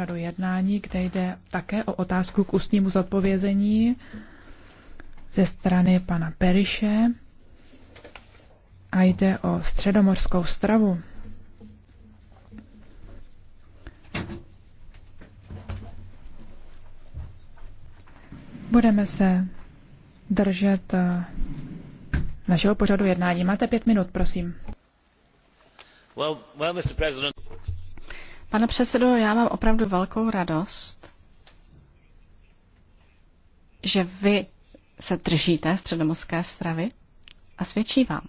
pořadu jednání, kde jde také o otázku k ústnímu zodpovězení ze strany pana Periše a jde o středomorskou stravu. Budeme se držet eh, našeho pořadu jednání. Máte pět minut, prosím. Well, well, Mr. President. Pane předsedo, já mám opravdu velkou radost, že vy se držíte středomorské stravy a svědčí vám.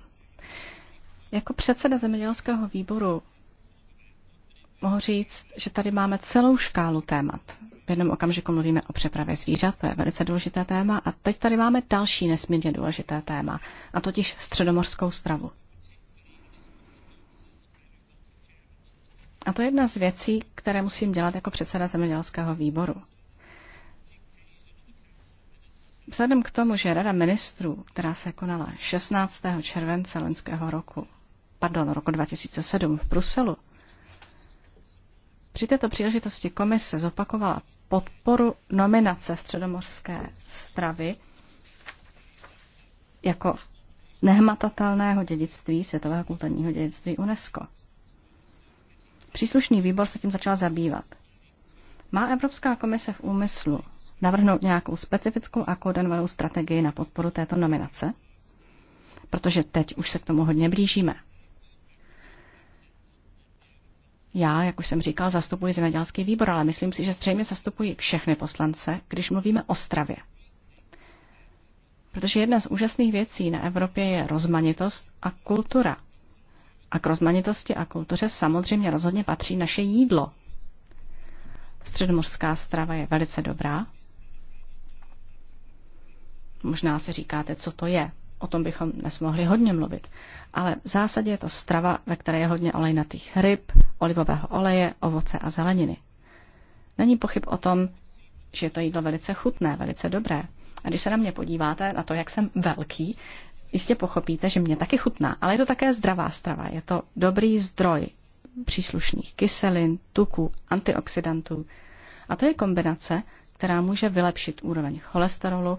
Jako předseda zemědělského výboru mohu říct, že tady máme celou škálu témat. V jednom okamžiku mluvíme o přepravě zvířat, to je velice důležité téma, a teď tady máme další nesmírně důležité téma, a totiž středomorskou stravu. A to je jedna z věcí, které musím dělat jako předseda zemědělského výboru. Vzhledem k tomu, že Rada ministrů, která se konala 16. července loňského roku, pardon, roku 2007 v Bruselu, při této příležitosti komise zopakovala podporu nominace středomorské stravy jako nehmatatelného dědictví, světového kulturního dědictví UNESCO. Příslušný výbor se tím začal zabývat. Má Evropská komise v úmyslu navrhnout nějakou specifickou a koordinovanou strategii na podporu této nominace? Protože teď už se k tomu hodně blížíme. Já, jak už jsem říkal, zastupuji zemědělský výbor, ale myslím si, že zřejmě zastupuji všechny poslance, když mluvíme o stravě. Protože jedna z úžasných věcí na Evropě je rozmanitost a kultura, a k rozmanitosti a kultuře samozřejmě rozhodně patří naše jídlo. Středomořská strava je velice dobrá. Možná si říkáte, co to je. O tom bychom dnes mohli hodně mluvit. Ale v zásadě je to strava, ve které je hodně olejnatých ryb, olivového oleje, ovoce a zeleniny. Není pochyb o tom, že je to jídlo velice chutné, velice dobré. A když se na mě podíváte, na to, jak jsem velký, jistě pochopíte, že mě taky chutná, ale je to také zdravá strava. Je to dobrý zdroj příslušných kyselin, tuků, antioxidantů. A to je kombinace, která může vylepšit úroveň cholesterolu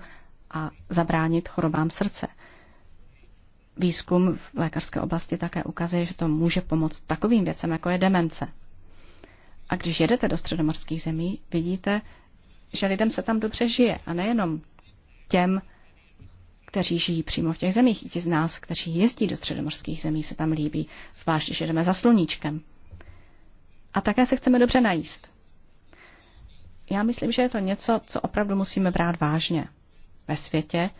a zabránit chorobám srdce. Výzkum v lékařské oblasti také ukazuje, že to může pomoct takovým věcem, jako je demence. A když jedete do středomorských zemí, vidíte, že lidem se tam dobře žije a nejenom těm, kteří žijí přímo v těch zemích. I ti z nás, kteří jezdí do středomorských zemí, se tam líbí, zvlášť když jedeme za sluníčkem. A také se chceme dobře najíst. Já myslím, že je to něco, co opravdu musíme brát vážně. Ve světě,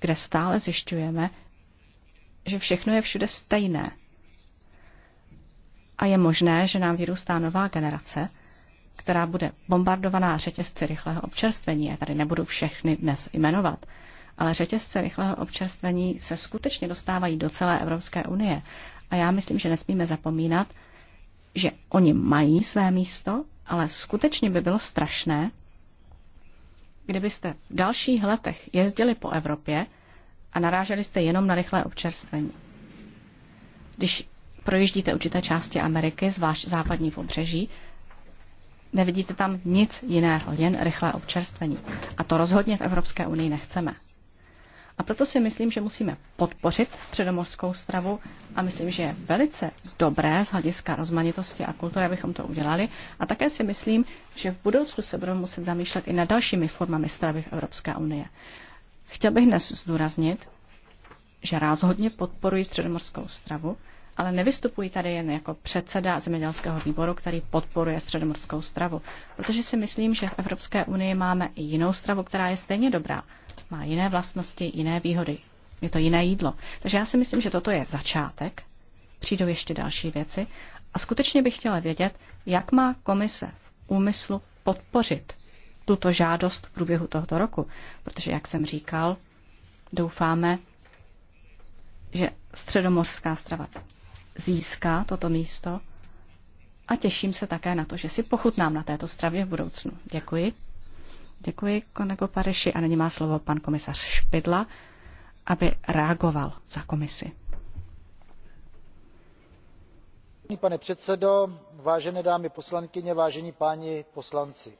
kde stále zjišťujeme, že všechno je všude stejné. A je možné, že nám vyrůstá nová generace, která bude bombardovaná řetězci rychlého občerstvení. Já tady nebudu všechny dnes jmenovat, ale řetězce rychlého občerstvení se skutečně dostávají do celé Evropské unie. A já myslím, že nesmíme zapomínat, že oni mají své místo, ale skutečně by bylo strašné, kdybyste v dalších letech jezdili po Evropě a naráželi jste jenom na rychlé občerstvení. Když projíždíte určité části Ameriky, zvlášť západní pobřeží, Nevidíte tam nic jiného, jen rychlé občerstvení. A to rozhodně v Evropské unii nechceme. A proto si myslím, že musíme podpořit středomorskou stravu a myslím, že je velice dobré z hlediska rozmanitosti a kultury, abychom to udělali. A také si myslím, že v budoucnu se budeme muset zamýšlet i nad dalšími formami stravy v Evropské unie. Chtěl bych dnes zdůraznit, že rázhodně hodně podporuji středomorskou stravu ale nevystupuji tady jen jako předseda zemědělského výboru, který podporuje středomorskou stravu, protože si myslím, že v Evropské unii máme i jinou stravu, která je stejně dobrá. Má jiné vlastnosti, jiné výhody. Je to jiné jídlo. Takže já si myslím, že toto je začátek. Přijdou ještě další věci. A skutečně bych chtěla vědět, jak má komise v úmyslu podpořit tuto žádost v průběhu tohoto roku. Protože, jak jsem říkal, doufáme, že středomořská strava získá toto místo a těším se také na to, že si pochutnám na této stravě v budoucnu. Děkuji. Děkuji, konego Pareši. A nyní má slovo pan komisař Špidla, aby reagoval za komisi. Pane předsedo, vážené dámy poslankyně, vážení páni poslanci.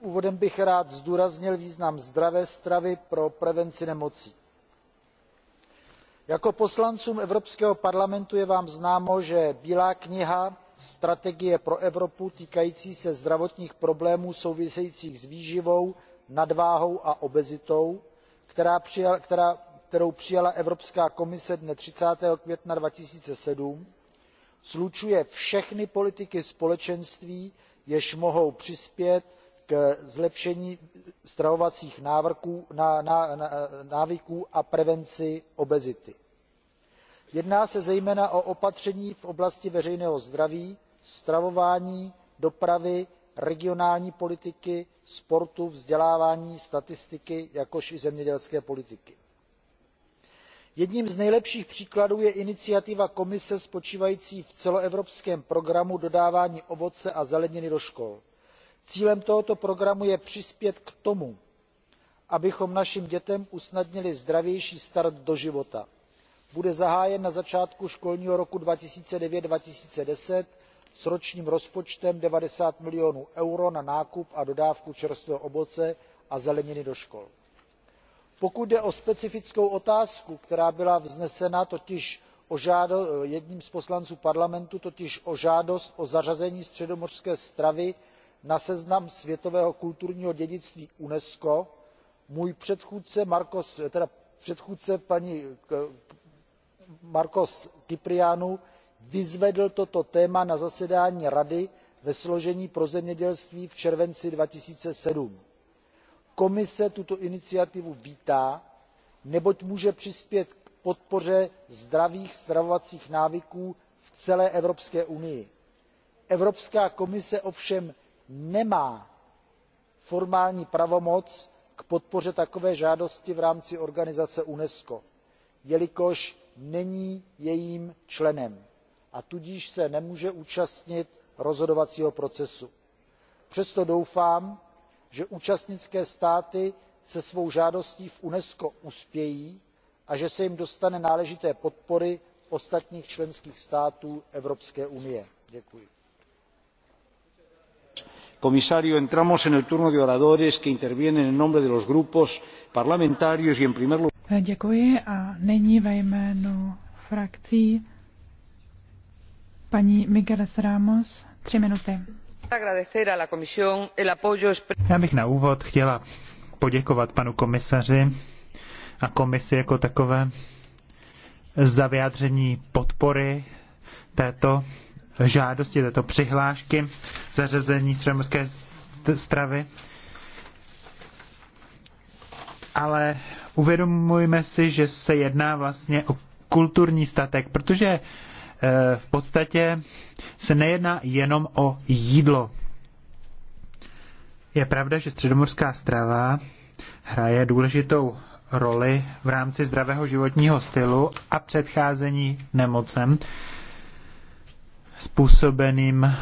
Úvodem bych rád zdůraznil význam zdravé stravy pro prevenci nemocí jako poslancům evropského parlamentu je vám známo že bílá kniha strategie pro evropu týkající se zdravotních problémů souvisejících s výživou nadváhou a obezitou kterou přijala evropská komise dne. thirty května two thousand and seven slučuje všechny politiky společenství jež mohou přispět ke zlepšení stravovacích návyků a prevenci obezity. jedná se zejména o opatření v oblasti veřejného zdraví stravování dopravy regionální politiky sportu vzdělávání statistiky jakož i zemědělské politiky. jedním z nejlepších příkladů je iniciativa komise spočívající v celoevropském programu dodávání ovoce a zeleniny do škol cílem tohoto programu je přispět k tomu abychom našim dětem usnadnili zdravější start do života. bude zahájen na začátku školního roku two thousand and nine two thousand and ten s ročním rozpočtem ninety milionů eur na nákup a dodávku čerstvého ovoce a zeleniny do škol. pokud jde o specifickou otázku která byla vznesena jedním z poslanců parlamentu totiž o žádost o zařazení středomořské stravy na seznam světového kulturního dědictví unesco můj předchůdce marcos eh, kyprianou vyzvedl toto téma na zasedání rady ve složení pro zemědělství v červenci. two thousand and seven komise tuto iniciativu vítá neboť může přispět k podpoře zdravých stravovacích návyků v celé evropské unii. evropská komise ovšem nemá formální pravomoc k podpoře takové žádosti v rámci organizace unesco jelikož není jejím členem a tudíž se nemůže účastnit rozhodovacího procesu. přesto doufám že účastnické státy se svou žádostí v unesco uspějí a že se jim dostane náležité podpory ostatních členských států evropské unie. děkuji comisario entramos en el turno de oradores que intervienen en nombre de los grupos parlamentarios y en primer lugar. Eh, děkuji a nyní ve jménu frakcí paní Migueles Ramos, tři minuty. Já bych na úvod chtěla poděkovat panu komisaři a komisi jako takové za vyjádření podpory této žádosti této přihlášky zařazení středomorské stravy. Ale uvědomujme si, že se jedná vlastně o kulturní statek, protože eh, v podstatě se nejedná jenom o jídlo. Je pravda, že středomorská strava hraje důležitou roli v rámci zdravého životního stylu a předcházení nemocem, způsobeným ehm,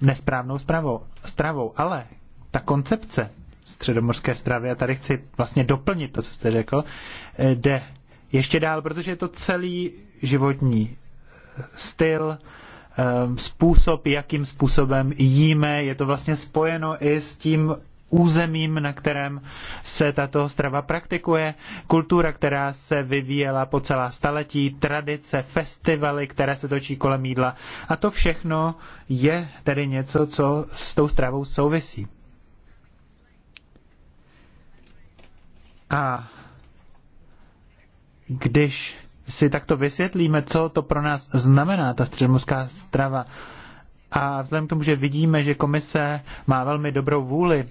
nesprávnou stravou. stravou. Ale ta koncepce středomorské stravy, a tady chci vlastně doplnit to, co jste řekl, eh, jde ještě dál, protože je to celý životní eh, styl, ehm, způsob, jakým způsobem jíme, je to vlastně spojeno i s tím územím, na kterém se tato strava praktikuje, kultura, která se vyvíjela po celá staletí, tradice, festivaly, které se točí kolem jídla. A to všechno je tedy něco, co s tou stravou souvisí. A když si takto vysvětlíme, co to pro nás znamená, ta středomorská strava, a vzhledem k tomu, že vidíme, že komise má velmi dobrou vůli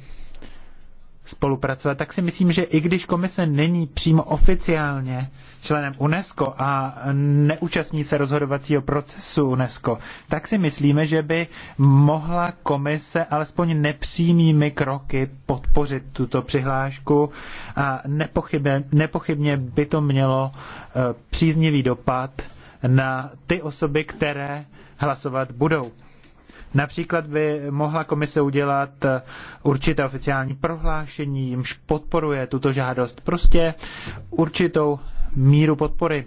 spolupracovat, tak si myslím, že i když komise není přímo oficiálně členem UNESCO a neúčastní se rozhodovacího procesu UNESCO, tak si myslíme, že by mohla komise alespoň nepřímými kroky podpořit tuto přihlášku a nepochybně, nepochybně by to mělo eh, příznivý dopad na ty osoby, které hlasovat budou. Například by mohla komise udělat eh, určité oficiální prohlášení, jimž podporuje tuto žádost. Prostě určitou míru podpory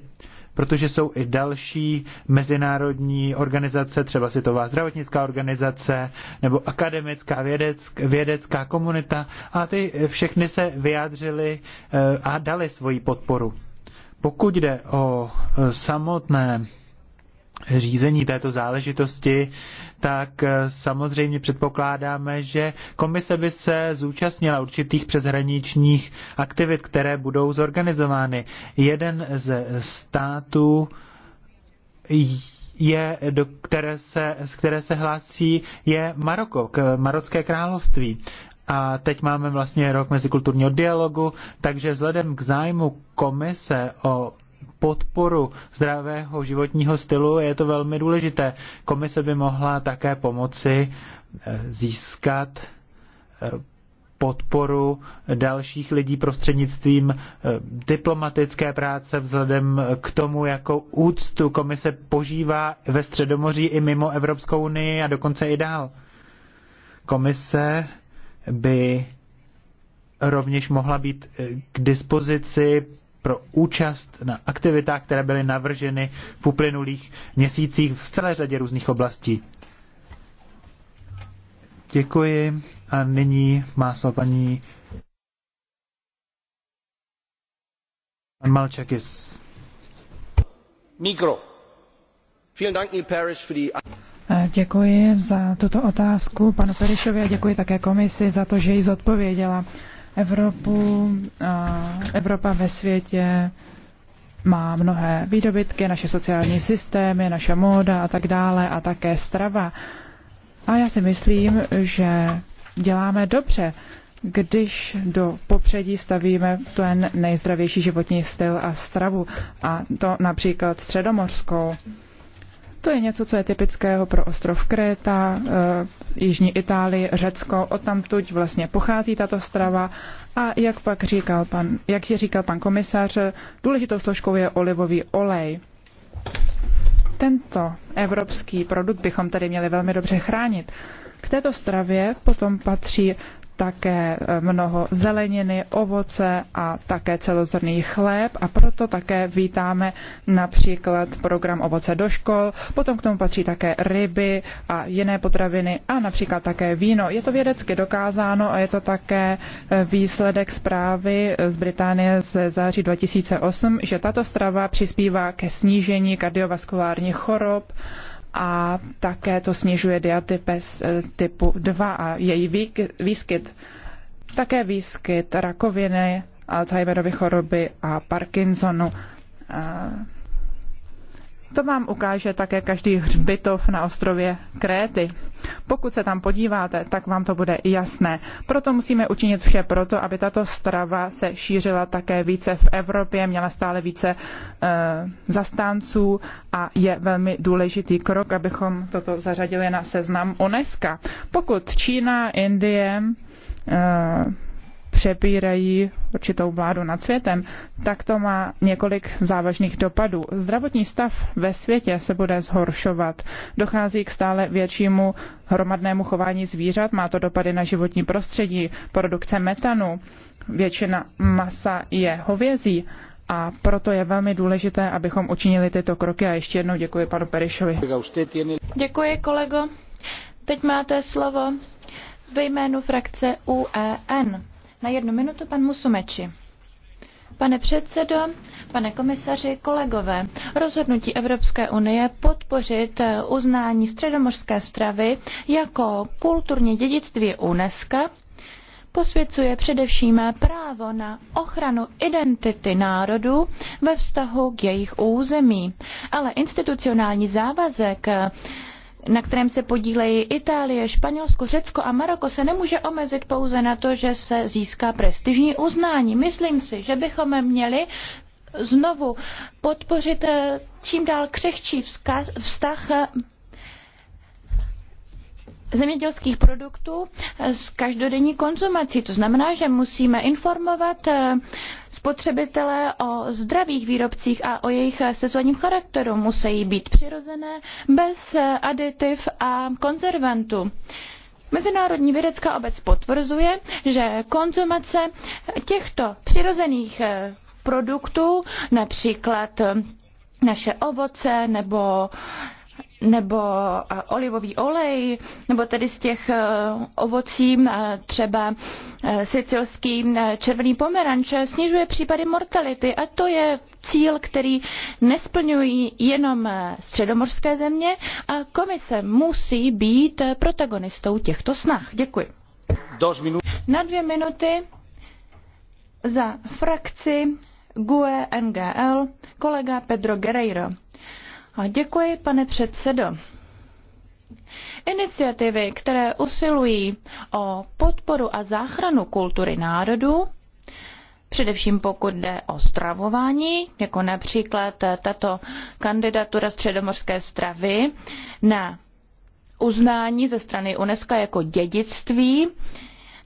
protože jsou i další mezinárodní organizace, třeba Světová zdravotnická organizace nebo akademická vědeck, vědecká komunita a ty všechny se vyjádřily eh, a dali svoji podporu. Pokud jde o eh, samotné řízení této záležitosti, tak eh, samozřejmě předpokládáme, že komise by se zúčastnila určitých přeshraničních aktivit, které budou zorganizovány. Jeden ze států je, do které se, z které se hlásí, je Maroko, k Marocké království. A teď máme vlastně rok mezikulturního dialogu, takže vzhledem k zájmu komise o podporu zdravého životního stylu je to velmi důležité. Komise by mohla také pomoci eh, získat eh, podporu dalších lidí prostřednictvím eh, diplomatické práce vzhledem k tomu, jakou úctu komise požívá ve Středomoří i mimo Evropskou unii a dokonce i dál. Komise by rovněž mohla být k dispozici pro účast na aktivitách, které byly navrženy v uplynulých měsících v celé řadě různých oblastí. Děkuji a nyní má slovo paní pan Malčakis. Mikro. Vielen Dank, Parish, für die... Eh, děkuji za tuto otázku panu Perišovi a děkuji také komisi za to, že ji zodpověděla. Evropu, Evropa ve světě má mnohé výdobytky, naše sociální systémy, naše móda a tak dále a také strava. A já si myslím, že děláme dobře, když do popředí stavíme ten nejzdravější životní styl a stravu, a to například středomorskou. To je něco, co je typického pro ostrov Kréta, eh, Jižní Itálii, Řecko. Odtamtud vlastně pochází tato strava. A jak pak říkal pan, jak si říkal pan komisař, důležitou složkou je olivový olej. Tento evropský produkt bychom tady měli velmi dobře chránit. K této stravě potom patří také eh, mnoho zeleniny, ovoce a také celozrný chléb a proto také vítáme například program ovoce do škol, potom k tomu patří také ryby a jiné potraviny a například také víno. Je to vědecky dokázáno a je to také eh, výsledek zprávy eh, z Británie ze září 2008, že tato strava přispívá ke snížení kardiovaskulárních chorob a také to snižuje diatypes eh, typu 2 a její výskyt. Také výskyt rakoviny, Alzheimerovy choroby a Parkinsonu. To vám ukáže také každý hřbitov na ostrově Kréty. Pokud se tam podíváte, tak vám to bude jasné. Proto musíme učinit vše proto, aby tato strava se šířila také více v Evropě, měla stále více e, zastánců a je velmi důležitý krok, abychom toto zařadili na seznam UNESCO. Pokud Čína, Indie, e, přebírají určitou vládu nad světem, tak to má několik závažných dopadů. Zdravotní stav ve světě se bude zhoršovat. Dochází k stále většímu hromadnému chování zvířat, má to dopady na životní prostředí, produkce metanu, většina masa je hovězí a proto je velmi důležité, abychom učinili tyto kroky a ještě jednou děkuji panu Perišovi. Děkuji kolego. Teď máte slovo ve jménu frakce UEN. Na jednu minutu pan Musumeči. Pane předsedo, pane komisaři, kolegové, rozhodnutí Evropské unie podpořit eh, uznání středomořské stravy jako kulturní dědictví UNESCO posvěcuje především právo na ochranu identity národů ve vztahu k jejich území. Ale institucionální závazek na kterém se podílejí Itálie, Španělsko, Řecko a Maroko, se nemůže omezit pouze na to, že se získá prestižní uznání. Myslím si, že bychom měli znovu podpořit eh, čím dál křehčí vzkaz, vztah eh, zemědělských produktů s eh, každodenní konzumací. To znamená, že musíme informovat eh, spotřebitele o zdravých výrobcích a o jejich eh, sezónním charakteru. Musí být přirozené bez aditiv a konzervantů. Mezinárodní vědecká obec potvrzuje, že konzumace těchto přirozených produktů, například naše ovoce nebo nebo eh, olivový olej, nebo tedy z těch eh, ovocí eh, třeba sicilský červený pomeranč snižuje případy mortality a to je cíl, který nesplňují jenom středomorské země a komise musí být protagonistou těchto snah. Děkuji. Na dvě minuty za frakci GUE NGL kolega Pedro Guerreiro děkuji, pane předsedo. Iniciativy, které usilují o podporu a záchranu kultury národů, především pokud jde o stravování, jako například tato kandidatura středomorské stravy na uznání ze strany UNESCO jako dědictví,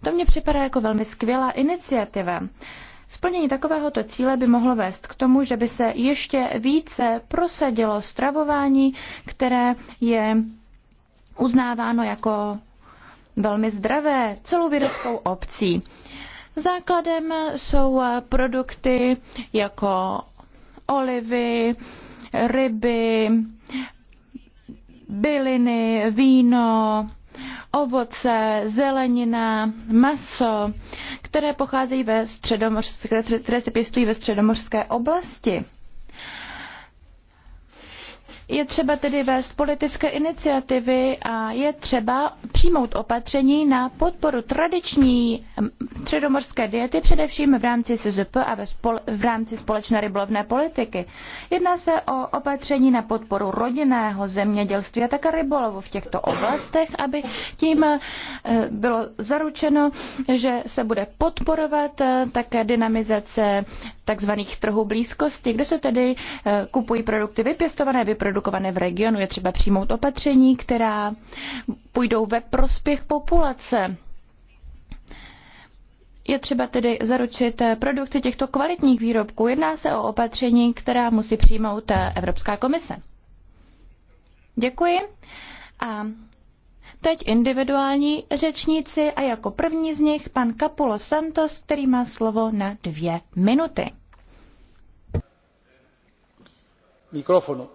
to mně připadá jako velmi skvělá iniciativa. Splnění takovéhoto cíle by mohlo vést k tomu, že by se ještě více prosadilo stravování, které je uznáváno jako velmi zdravé celou vědeckou obcí. Základem jsou produkty jako olivy, ryby, byliny, víno, ovoce, zelenina, maso, které pocházejí ve středomořské, které se pěstují ve středomořské oblasti. Je třeba tedy vést politické iniciativy a je třeba přijmout opatření na podporu tradiční středomorské diety, především v rámci SZP a ve spol- v rámci společné rybolovné politiky. Jedná se o opatření na podporu rodinného zemědělství a také rybolovu v těchto oblastech, aby tím eh, bylo zaručeno, že se bude podporovat eh, také dynamizace takzvaných trhů blízkosti, kde se tedy eh, kupují produkty vypěstované, vyprodukované produkované v regionu. Je třeba přijmout opatření, která půjdou ve prospěch populace. Je třeba tedy zaručit produkci těchto kvalitních výrobků. Jedná se o opatření, která musí přijmout Evropská komise. Děkuji. A teď individuální řečníci a jako první z nich pan Capulo Santos, který má slovo na dvě minuty. Mikrofonu.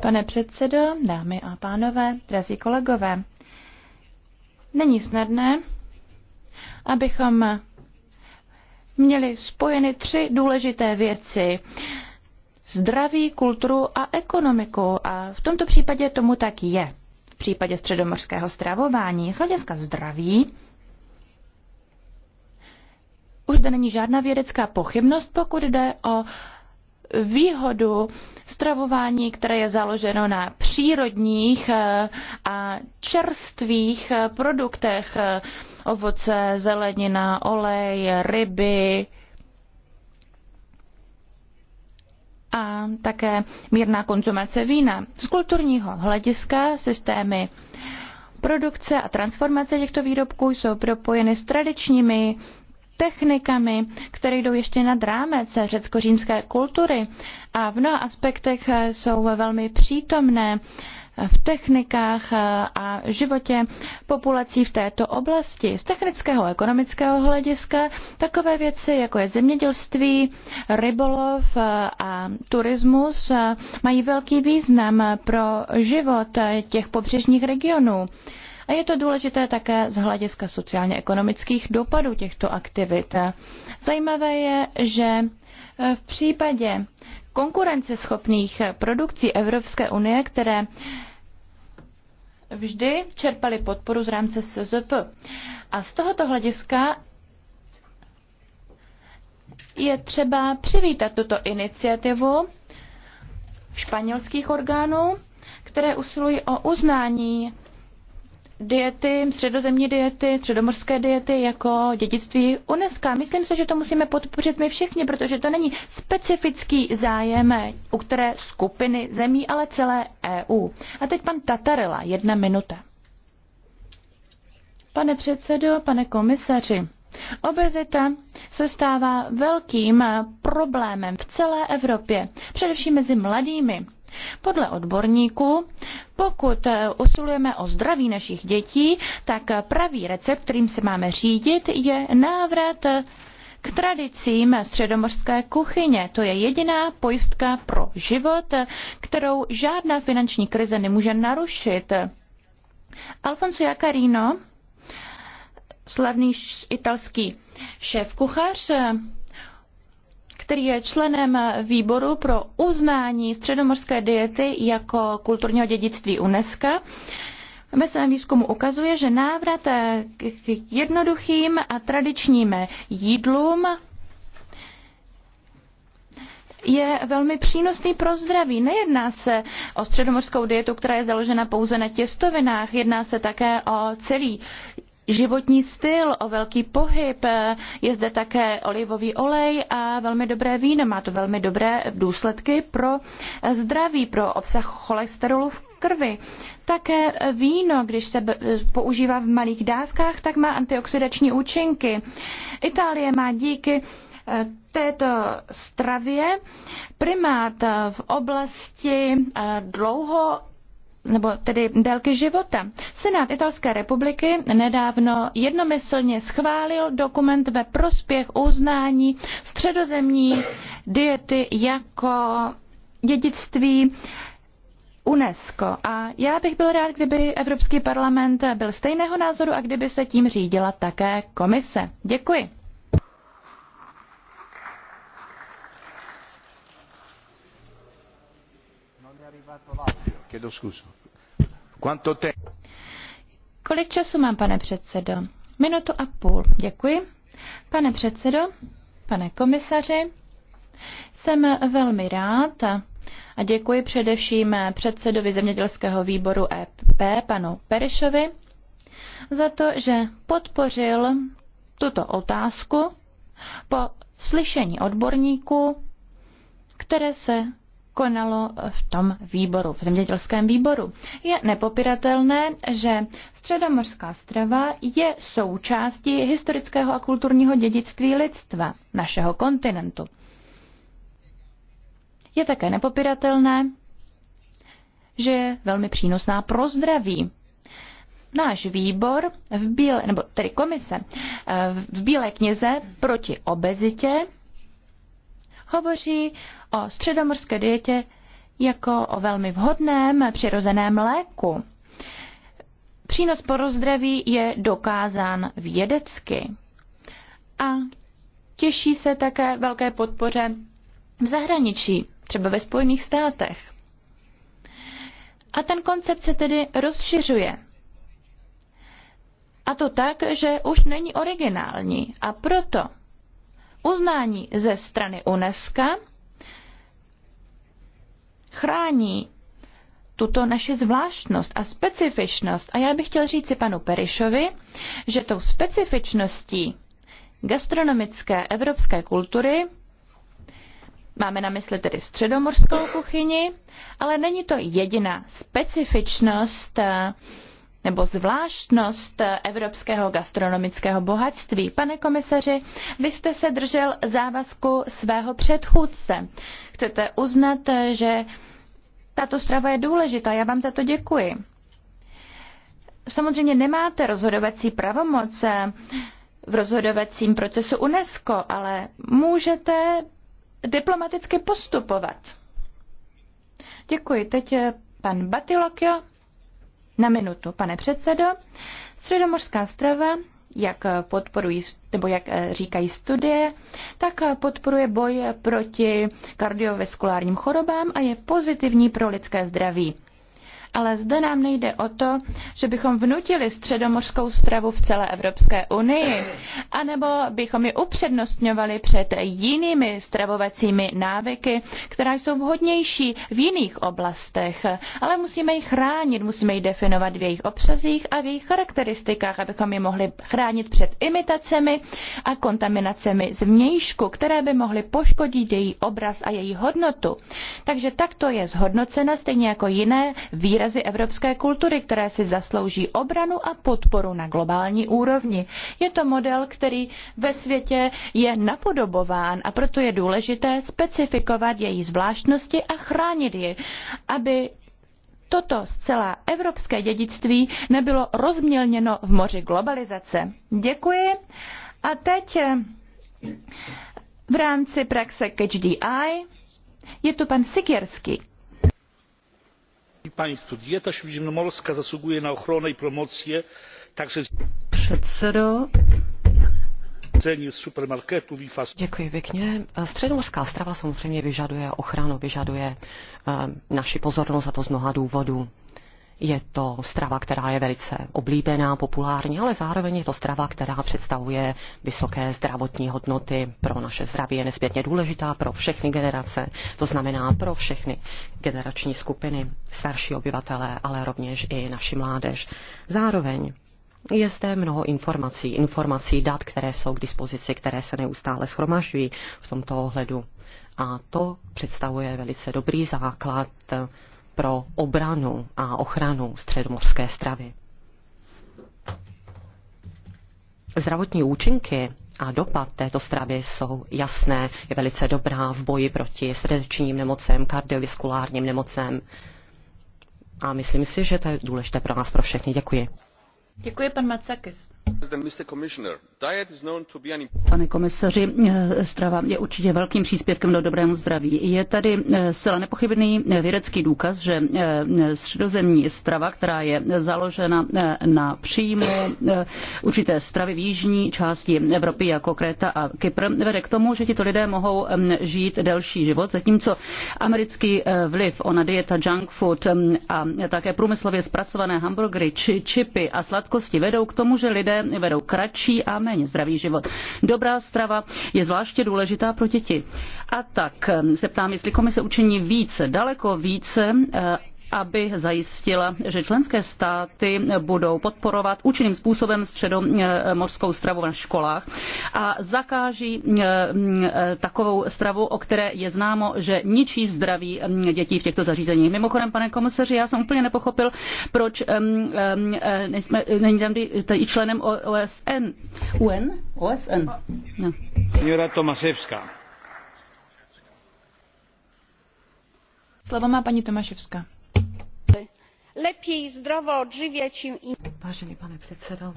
Pane předsedo, dámy a pánové, drazí kolegové, není snadné, abychom měli spojeny tři důležité věci zdraví, kulturu a ekonomiku. A v tomto případě tomu tak je. V případě středomorského stravování z hlediska zdraví už zde není žádná vědecká pochybnost, pokud jde o výhodu stravování, které je založeno na přírodních eh, a čerstvých eh, produktech eh, ovoce, zelenina, olej, ryby a také mírná konzumace vína. Z kulturního hlediska systémy produkce a transformace těchto výrobků jsou propojeny s tradičními technikami, které jdou ještě nad rámec řecko-římské kultury a v mnoha aspektech jsou velmi přítomné v technikách a životě populací v této oblasti. Z technického a ekonomického hlediska takové věci, jako je zemědělství, rybolov a turismus, mají velký význam pro život těch pobřežních regionů. A je to důležité také z hlediska sociálně-ekonomických dopadů těchto aktivit. Zajímavé je, že eh, v případě konkurenceschopných produkcí Evropské unie, které vždy čerpaly podporu z rámce SZP. A z tohoto hlediska je třeba přivítat tuto iniciativu španělských orgánů, které usilují o uznání diety, středozemní diety, středomorské diety jako dědictví UNESCO. Myslím se, že to musíme podpořit my všichni, protože to není specifický zájem eh, u které skupiny zemí, ale celé EU. A teď pan Tatarela, jedna minuta. Pane předsedo, pane komisaři, Obezita se stává velkým eh, problémem v celé Evropě, především mezi mladými. Podle odborníků, pokud eh, usilujeme o zdraví našich dětí, tak pravý recept, kterým se máme řídit, je návrat eh, k tradicím středomorské kuchyně. To je jediná pojistka pro život, eh, kterou žádná finanční krize nemůže narušit. Alfonso Jacarino, slavný italský šéf kuchař, který je členem výboru pro uznání středomorské diety jako kulturního dědictví UNESCO. Ve svém výzkumu ukazuje, že návrat k jednoduchým a tradičním jídlům je velmi přínosný pro zdraví. Nejedná se o středomořskou dietu, která je založena pouze na těstovinách, jedná se také o celý životní styl, o velký pohyb, je zde také olivový olej a velmi dobré víno. Má to velmi dobré důsledky pro zdraví, pro obsah cholesterolu v krvi. Také víno, když se používá v malých dávkách, tak má antioxidační účinky. Itálie má díky eh, této stravě primát v oblasti eh, dlouho nebo tedy délky života. Senát Italské republiky nedávno jednomyslně schválil dokument ve prospěch uznání středozemní diety jako dědictví UNESCO. A já bych byl rád, kdyby Evropský parlament byl stejného názoru a kdyby se tím řídila také komise. Děkuji. Kolik času mám, pane předsedo? Minutu a půl. Děkuji. Pane předsedo, pane komisaři, jsem velmi rád a děkuji především předsedovi zemědělského výboru EP, panu Perišovi, za to, že podpořil tuto otázku po slyšení odborníků, které se konalo v tom výboru, v zemědělském výboru. Je nepopiratelné, že středomořská strava je součástí historického a kulturního dědictví lidstva, našeho kontinentu. Je také nepopiratelné, že je velmi přínosná pro zdraví. Náš výbor v bíle, nebo tedy komise eh, v bílé knize proti obezitě hovoří o středomorské dietě jako o velmi vhodném přirozeném léku. Přínos porozdraví je dokázán vědecky a těší se také velké podpoře v zahraničí, třeba ve Spojených státech. A ten koncept se tedy rozšiřuje. A to tak, že už není originální a proto uznání ze strany UNESCO chrání tuto naši zvláštnost a specifičnost. A já bych chtěl říci panu Perišovi, že tou specifičností gastronomické evropské kultury Máme na mysli tedy středomorskou kuchyni, ale není to jediná specifičnost nebo zvláštnost evropského gastronomického bohatství. Pane komisaři, vy jste se držel závazku svého předchůdce. Chcete uznat, že tato strava je důležitá. Já vám za to děkuji. Samozřejmě nemáte rozhodovací pravomoc eh, v rozhodovacím procesu UNESCO, ale můžete diplomaticky postupovat. Děkuji. Teď eh, pan Batilokio na minutu. Pane předsedo, středomořská strava jak podporují, nebo jak eh, říkají studie, tak podporuje boj proti kardiovaskulárním chorobám a je pozitivní pro lidské zdraví ale zde nám nejde o to, že bychom vnutili středomořskou stravu v celé Evropské unii, anebo bychom ji upřednostňovali před jinými stravovacími návyky, která jsou vhodnější v jiných oblastech, ale musíme ji chránit, musíme ji definovat v jejich obsazích a v jejich charakteristikách, abychom ji mohli chránit před imitacemi a kontaminacemi z vnějšku, které by mohly poškodit její obraz a její hodnotu. Takže takto je zhodnocena stejně jako jiné výrazné odrazy evropské kultury, které si zaslouží obranu a podporu na globální úrovni. Je to model, který ve světě je napodobován a proto je důležité specifikovat její zvláštnosti a chránit ji, aby toto zcela evropské dědictví nebylo rozmělněno v moři globalizace. Děkuji. A teď eh, v rámci praxe Catch the Eye je tu pan Sikierský dieta śródziemnomorska zasługuje na ochronę i promocję także předsedo. Děkuji pěkně. Středomorská strava samozřejmě vyžaduje ochranu, vyžaduje e, naši pozornost a to z mnoha důvodů. Je to strava, která je velice oblíbená, populární, ale zároveň je to strava, která představuje vysoké zdravotní hodnoty pro naše zdraví. Je nezbytně důležitá pro všechny generace, to znamená pro všechny generační skupiny, starší obyvatelé, ale rovněž i naši mládež. Zároveň je zde mnoho informací, informací dat, které jsou k dispozici, které se neustále schromažďují v tomto ohledu. A to představuje velice dobrý základ pro obranu a ochranu středomorské stravy. Zdravotní účinky a dopad této stravy jsou jasné, je velice dobrá v boji proti srdečním nemocem, kardiovaskulárním nemocem. A myslím si, že to je důležité pro nás, pro všechny. Děkuji. Děkuji, pan Macakis. Pane komisaři, eh, strava je určitě velkým příspěvkem do dobrému zdraví. Je tady eh, zcela nepochybný eh, vědecký důkaz, že středozemní strava, která je založena na příjmu určité stravy v jižní části Evropy jako Kréta a Kypr, vede k tomu, že tito lidé mohou žít delší život, zatímco americký vliv ona dieta junk food a také průmyslově zpracované hamburgery či čipy a sladkosti vedou k tomu, že lidé vedou kratší a méně zdravý život. Dobrá strava je zvláště důležitá pro děti. A tak se ptám, jestli komise učiní více, daleko více eh, aby zajistila, že členské státy budou podporovat účinným způsobem středomořskou stravu na školách a zakáží eh, eh, takovou stravu, o které je známo, že ničí zdraví eh, dětí v těchto zařízeních. Mimochodem, pane komisaři, já jsem úplně nepochopil, proč nejsme, není tam tady členem OSN. UN? OSN. No. Jura Tomasevská. Slovo má paní Tomaševská lepiej zdrowo odżywiać się i... Vážený pane předsedo,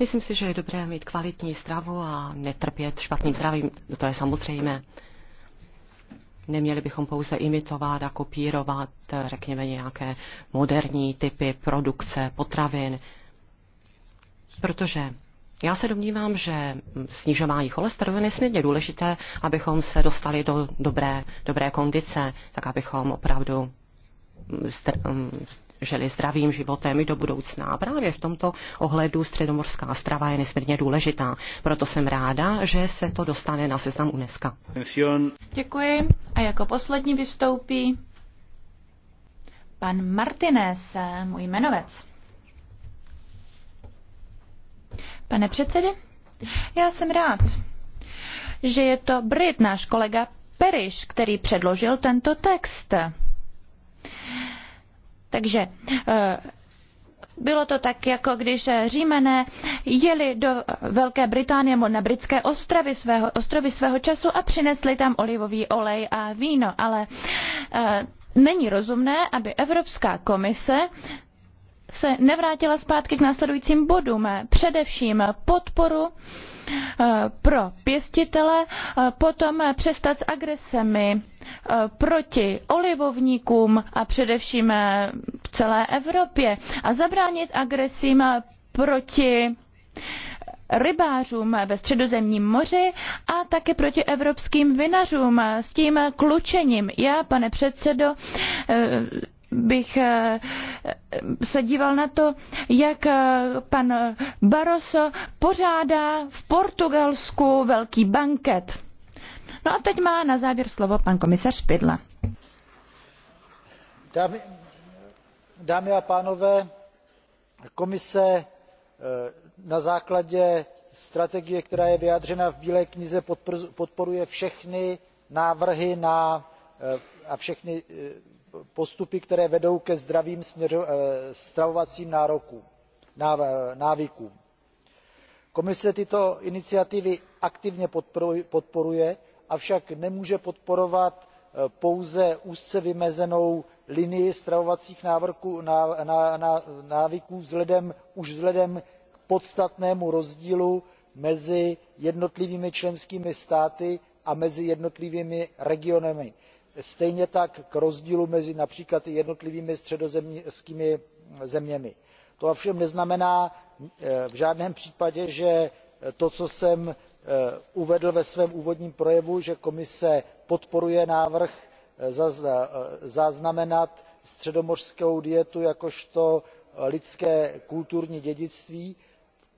myslím si, že je dobré mít kvalitní stravu a netrpět špatným zdravím, no, to je samozřejmé. Neměli bychom pouze imitovat a kopírovat, řekněme, nějaké moderní typy produkce potravin, protože já se domnívám, že snižování cholesterolu je nesmírně důležité, abychom se dostali do dobré, dobré kondice, tak abychom opravdu Um, žili zdravým životem i do budoucna. A právě v tomto ohledu středomorská strava je nesmírně důležitá. Proto jsem ráda, že se to dostane na seznam UNESCO. Děkuji. A jako poslední vystoupí pan Martinez, můj jmenovec. Pane předsedy, já jsem rád, že je to Brit, náš kolega Periš, který předložil tento text. Takže eh, bylo to tak, jako když eh, římané jeli do Velké Británie nebo na britské ostrovy svého, ostrovy svého času a přinesli tam olivový olej a víno. Ale eh, není rozumné, aby Evropská komise se nevrátila zpátky k následujícím bodům. Především podporu Eh, pro pěstitele, eh, potom přestat s agresemi eh, proti olivovníkům a především v celé Evropě a zabránit agresím proti rybářům ve středozemním moři a také proti evropským vinařům s tím klučením. Já, pane předsedo, bych eh, se díval na to, jak eh, pan Barroso pořádá v Portugalsku velký banket. No a teď má na závěr slovo pan komisař Špidla. Dámy, dámy a pánové, komise eh, na základě strategie, která je vyjádřena v Bílé knize, podporuje všechny návrhy na, a všechny postupy které vedou ke zdravým eh, stravovacím návykům. komise tyto iniciativy aktivně podporuje avšak nemůže podporovat eh, pouze úzce vymezenou linii stravovacích návyků už vzhledem k podstatnému rozdílu mezi jednotlivými členskými státy a mezi jednotlivými regiony stejně tak k rozdílu mezi například jednotlivými středozemskými zeměmi. to ovšem neznamená eh, v žádném případě že to co jsem eh, uvedl ve svém úvodním projevu že komise podporuje návrh eh, zaznamenat středomořskou dietu jakožto lidské kulturní dědictví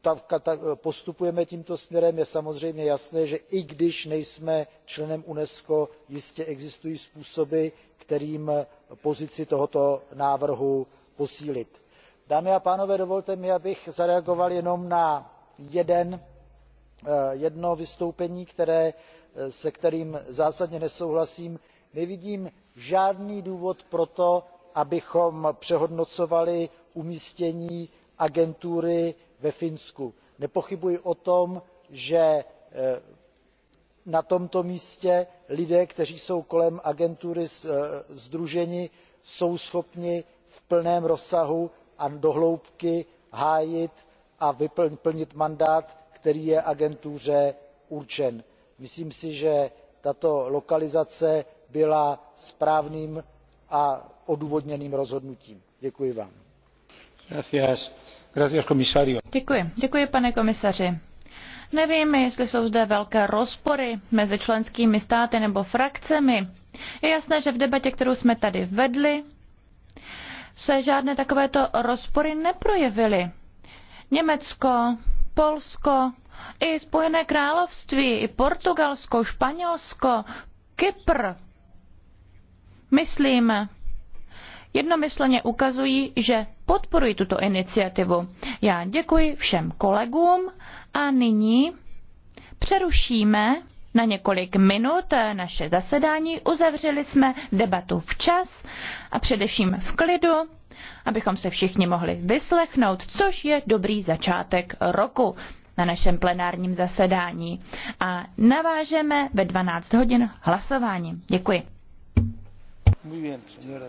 E, postupujeme tímto směrem je samozřejmě jasné že i když nejsme členem unesco jistě existují způsoby kterými pozici tohoto návrhu posílit. dámy a pánové dovolte mi abych zareagoval jenom na e, jedno vystoupení e, se kterým zásadně nesouhlasím. nevidím žádný důvod pro to abychom přehodnocovali umístění agentury ve finsku. nepochybuji o tom že eh, na tomto místě lidé kteří jsou kolem agentury eh, sdruženi jsou schopni v plném rozsahu a do hloubky hájit a plnit mandát který je agentuře určen. myslím si že tato lokalizace byla správným a odůvodněným rozhodnutím. děkuji vám. Děkuji. Děkuji, pane komisaři. Nevím, jestli jsou zde velké rozpory mezi členskými státy nebo frakcemi. Je jasné, že v debatě, kterou jsme tady vedli, se žádné takovéto rozpory neprojevily. Německo, Polsko, i Spojené království, i Portugalsko, Španělsko, Kypr. Myslím, jednomyslně ukazují, že podporují tuto iniciativu. Já děkuji všem kolegům a nyní přerušíme na několik minut naše zasedání. Uzavřeli jsme debatu včas a především v klidu, abychom se všichni mohli vyslechnout, což je dobrý začátek roku na našem plenárním zasedání. A navážeme ve 12 hodin hlasováním. Děkuji. Muy bien, señora.